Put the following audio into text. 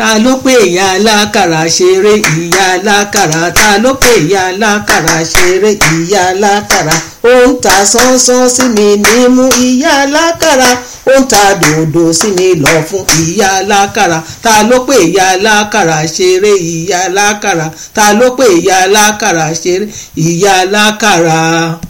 ta ló pè ìyá alákàrà ṣeré ìyá alákàrà ta ló pè ìyá alákàrà ṣeré ìyá alákàrà ó ń ta sánsán sí mi nímú ìyá alákàrà ó ń ta dòdò sí mi lọ fún ìyá alákàrà ta ló pè ìyá alákàrà ṣeré ìyá alákàrà ta ló pè ìyá alákàrà ṣeré ìyá alákàrà.